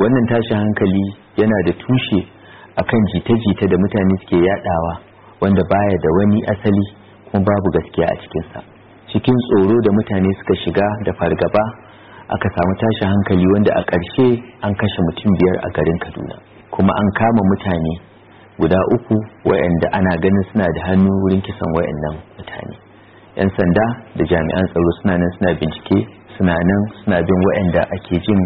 wannan tashi hankali yana da tushe a kan jita-jita da mutane suke yadawa wanda baya da wani asali kuma babu gaskiya a cikinsa cikin tsoro da mutane suka shiga da fargaba aka samu tashin hankali wanda a ƙarshe an kashe mutum biyar a garin kaduna kuma an kama mutane guda uku wayanda ana ganin suna da hannu wurin kisan wayannan mutane yan sanda da jami'an tsaro suna nan suna bincike suna nan suna bin wayanda ake jin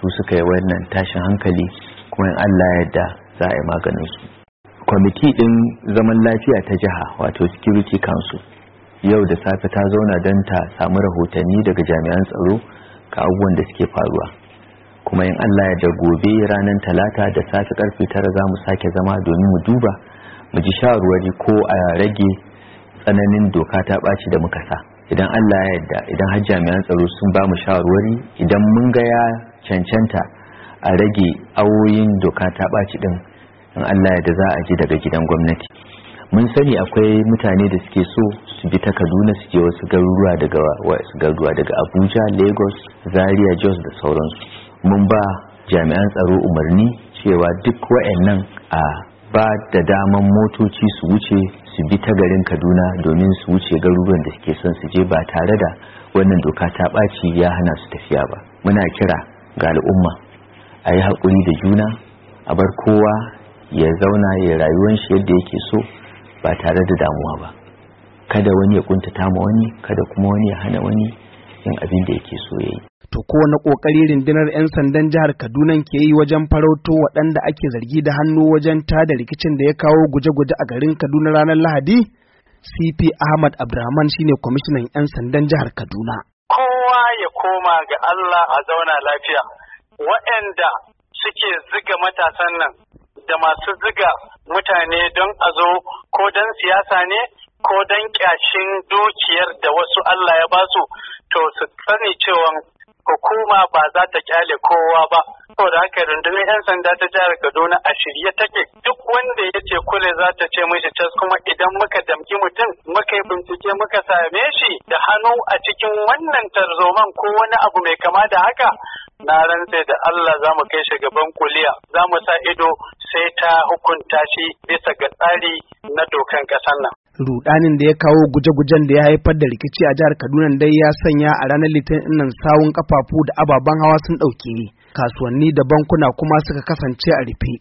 su suka yi wannan tashin hankali kuma in Allah yadda za a yi maganin su kwamiti din zaman lafiya ta jiha wato security council yau da safe ta zauna don ta samu rahotanni daga jami'an tsaro ga abubuwan da suke faruwa kuma in Allah yadda gobe ranar talata da safe karfe tara za mu sake zama domin mu duba mu ji shawarwari ko a rage tsananin doka ta ɓaci da muka sa idan Allah ya yadda idan har jami'an tsaro sun ba mu shawarwari idan mun ga ya cancanta a rage awoyin doka ta ɓaci ɗin in allah da za a ji daga gidan gwamnati mun sani akwai mutane da suke so su bi ta kaduna su je wasu garuruwa daga wasu garuruwa daga abuja lagos zaria jos da sauransu mun ba jami'an tsaro umarni cewa duk wayannan a ba da daman motoci su wuce su bi ta garin kaduna domin su wuce garuruwan da suke son su je ba tare da wannan doka ta ɓaci ya hana su tafiya ba muna kira ga al'umma a yi haƙuri da juna a bar kowa ya zauna ya rayuwar shi yadda yake so ba tare da damuwa ba kada wani ya kuntata ma wani kada kuma wani ya hana wani yin abin da yake so ya yi to na kokari rundunar 'yan sandan jihar kaduna ke yi wajen farauto waɗanda ake zargi da hannu wajen ta da rikicin da ya kawo guje-guje a garin kaduna ranar lahadi cp ahmad abdulrahman shine kwamishinan 'yan sandan jihar kaduna koma ga Allah a zauna lafiya waɗanda suke ziga matasan nan da masu ziga mutane don a zo ko don siyasa ne ko don kyashin dukiyar da wasu Allah ya basu to su sani cewa hukuma ba za ta kyale kowa ba saboda haka rundunar 'yan sanda ta jihar kaduna a shirye take duk wanda ya ce kule za ta ce mishi cas kuma idan muka damki mutum muka yi bincike muka same shi da hannu a cikin wannan tarzoman ko wani abu mai kama da haka na rantse da Allah za mu kai shi gaban kuliya za mu sa ido sai ta hukunta shi bisa ga tsari na dokan ƙasar nan. rudanin da ya kawo guje-gujen da ya haifar da rikici a jihar Kaduna dai ya sanya a ranar Litinin nan sawun kafafu da ababen hawa sun ɗauke kasuwanni da bankuna kuma suka kasance a rufe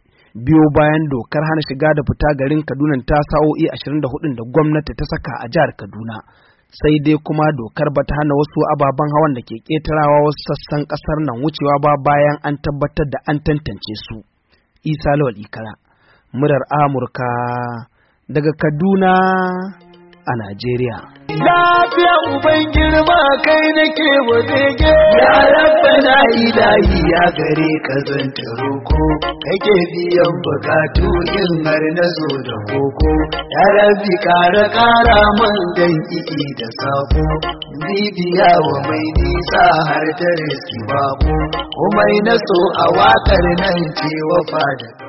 biyo bayan dokar hana shiga da fita garin kaduna ta sa'o'i ashirin da da gwamnati ta saka a jihar kaduna sai dai kuma dokar ba ta hana wasu ababen hawan da ke ketarawa wasu sassan ƙasar nan wucewa ba bayan an tabbatar da an tantance su isa lawal ikara murar amurka daga kaduna a najeriya lafiya uban girma kai nake wa ya rabba na ilahi ya gare ka zanta roko kake biyan bukatu in har na zo da koko ya rabbi kara kara man dan iki da sako bibiya wa mai nisa har ta riski bako komai na so a wakar nan ce wafa da